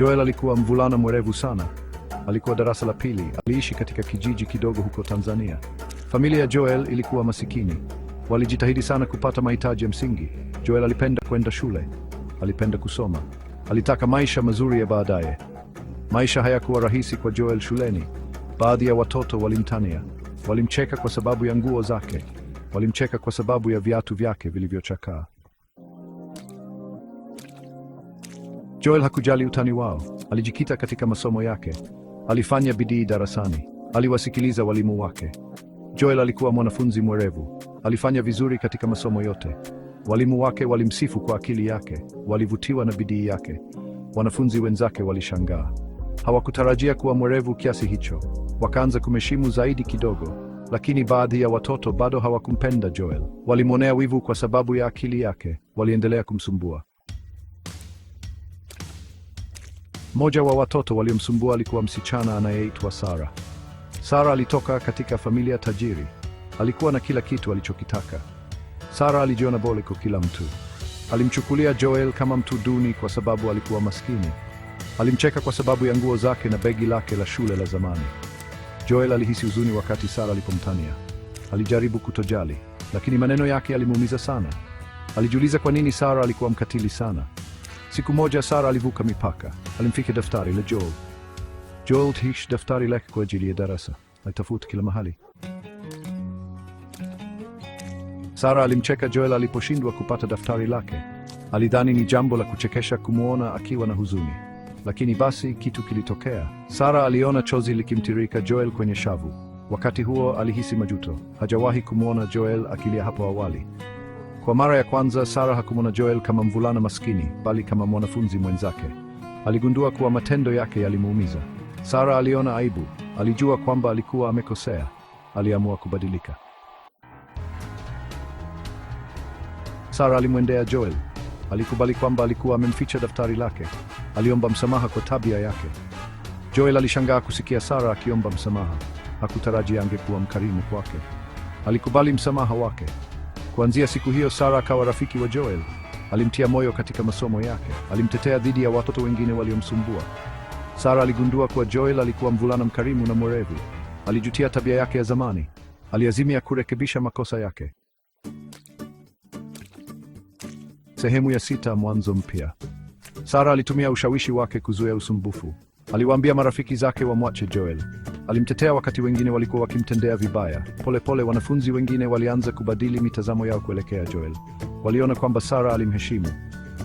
Joel alikuwa mvulana mwerevu sana. Alikuwa darasa la pili, aliishi katika kijiji kidogo huko Tanzania. Familia ya Joel ilikuwa masikini, walijitahidi sana kupata mahitaji ya msingi. Joel alipenda kwenda shule, alipenda kusoma, alitaka maisha mazuri ya baadaye. Maisha hayakuwa rahisi kwa Joel shuleni. Baadhi ya watoto walimtania, walimcheka kwa sababu ya nguo zake, walimcheka kwa sababu ya viatu vyake vilivyochakaa. Joel hakujali utani wao, alijikita katika masomo yake. Alifanya bidii darasani, aliwasikiliza walimu wake. Joel alikuwa mwanafunzi mwerevu, alifanya vizuri katika masomo yote. Walimu wake walimsifu kwa akili yake, walivutiwa na bidii yake. Wanafunzi wenzake walishangaa, hawakutarajia kuwa mwerevu kiasi hicho. Wakaanza kumheshimu zaidi kidogo, lakini baadhi ya watoto bado hawakumpenda Joel, walimwonea wivu kwa sababu ya akili yake, waliendelea kumsumbua. Mmoja wa watoto waliomsumbua alikuwa msichana anayeitwa Sara. Sara alitoka katika familia tajiri, alikuwa na kila kitu alichokitaka. Sara alijiona bole kwa kila mtu. Alimchukulia Joel kama mtu duni kwa sababu alikuwa maskini. Alimcheka kwa sababu ya nguo zake na begi lake la shule la zamani. Joel alihisi huzuni wakati Sara alipomtania. Alijaribu kutojali, lakini maneno yake yalimuumiza sana. Alijiuliza kwa nini Sara alikuwa mkatili sana. Siku moja Sara alivuka mipaka alimfika daftari لجول جول تهيش daftari lake kwa ajili ya darasa, alitafuta kila mahali. Sara alimcheka Joel aliposhindwa kupata daftari lake. Alidhani ni jambo la kuchekesha kumwona akiwa na huzuni, lakini basi kitu kilitokea. Sara aliona chozi likimtirika Joel kwenye shavu. Wakati huo alihisi majuto, hajawahi kumwona Joel akilia hapo awali. Kwa mara ya kwanza Sara hakumwona Joel kama mvulana maskini, bali kama mwanafunzi mwenzake. Aligundua kuwa matendo yake yalimuumiza. Sara aliona aibu, alijua kwamba alikuwa amekosea. Aliamua kubadilika. Sara alimwendea Joel. Alikubali kwamba alikuwa amemficha daftari lake. Aliomba msamaha kwa tabia yake. Joel alishangaa kusikia Sara akiomba msamaha. Hakutarajia angekuwa mkarimu kwake. Alikubali msamaha wake. Kuanzia siku hiyo, Sara akawa rafiki wa Joel alimtia moyo katika masomo yake, alimtetea dhidi ya watoto wengine waliomsumbua. Sara aligundua kuwa Joel alikuwa mvulana mkarimu na mwerevu. Alijutia tabia yake ya zamani, aliazimia kurekebisha makosa yake. Sehemu ya sita: mwanzo mpya. Sara alitumia ushawishi wake kuzuia usumbufu. Aliwaambia marafiki zake wamwache Joel. Alimtetea wakati wengine walikuwa wakimtendea vibaya. Polepole pole, wanafunzi wengine walianza kubadili mitazamo yao kuelekea Joel. Waliona kwamba Sara alimheshimu,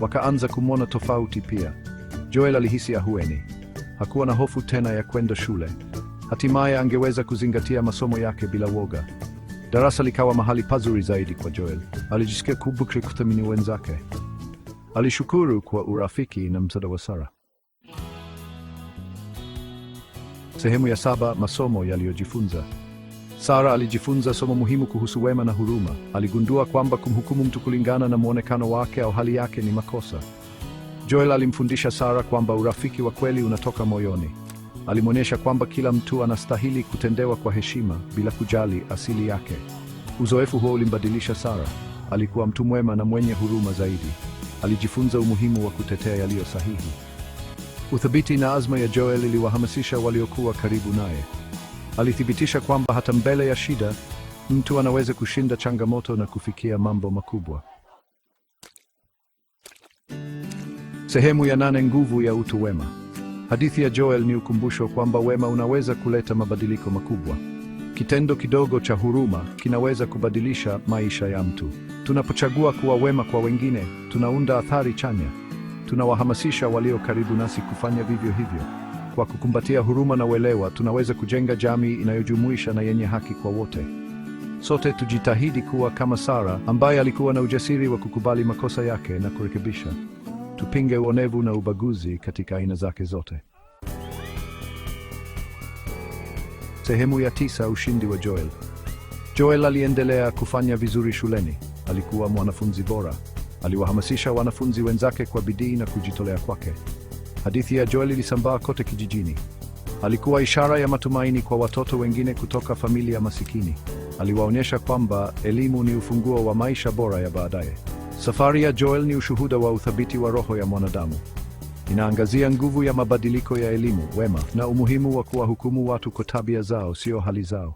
wakaanza kumwona tofauti pia. Joel alihisi ahueni, hakuwa na hofu tena ya kwenda shule. Hatimaye angeweza kuzingatia masomo yake bila woga. Darasa likawa mahali pazuri zaidi kwa Joel. Alijisikia kubukri kuthamini wenzake. Alishukuru kwa urafiki na msaada wa Sara. Sehemu ya saba: masomo yaliyojifunza. Sara alijifunza somo muhimu kuhusu wema na huruma. Aligundua kwamba kumhukumu mtu kulingana na mwonekano wake au hali yake ni makosa. Joel alimfundisha Sara kwamba urafiki wa kweli unatoka moyoni. Alimwonyesha kwamba kila mtu anastahili kutendewa kwa heshima bila kujali asili yake. Uzoefu huo ulimbadilisha Sara. Alikuwa mtu mwema na mwenye huruma zaidi. Alijifunza umuhimu wa kutetea yaliyo sahihi. Uthabiti na azma ya Joel iliwahamasisha waliokuwa karibu naye. Alithibitisha kwamba hata mbele ya shida mtu anaweza kushinda changamoto na kufikia mambo makubwa. Sehemu ya nane: nguvu ya utu wema. Hadithi ya Joel ni ukumbusho kwamba wema unaweza kuleta mabadiliko makubwa. Kitendo kidogo cha huruma kinaweza kubadilisha maisha ya mtu. Tunapochagua kuwa wema kwa wengine, tunaunda athari chanya. Tunawahamasisha walio karibu nasi kufanya vivyo hivyo. Kwa kukumbatia huruma na uelewa, tunaweza kujenga jamii inayojumuisha na yenye haki kwa wote. Sote tujitahidi kuwa kama Sara ambaye alikuwa na ujasiri wa kukubali makosa yake na kurekebisha. Tupinge uonevu na ubaguzi katika aina zake zote. Sehemu ya tisa: ushindi wa Joel. Joel aliendelea kufanya vizuri shuleni. Alikuwa mwanafunzi bora, aliwahamasisha wanafunzi wenzake kwa bidii na kujitolea kwake. Hadithi ya Joel ilisambaa kote kijijini. Alikuwa ishara ya matumaini kwa watoto wengine kutoka familia masikini. Aliwaonyesha kwamba elimu ni ufunguo wa maisha bora ya baadaye. Safari ya Joel ni ushuhuda wa uthabiti wa roho ya mwanadamu. Inaangazia nguvu ya mabadiliko ya elimu, wema na umuhimu wa kuwahukumu watu kwa tabia zao, sio hali zao.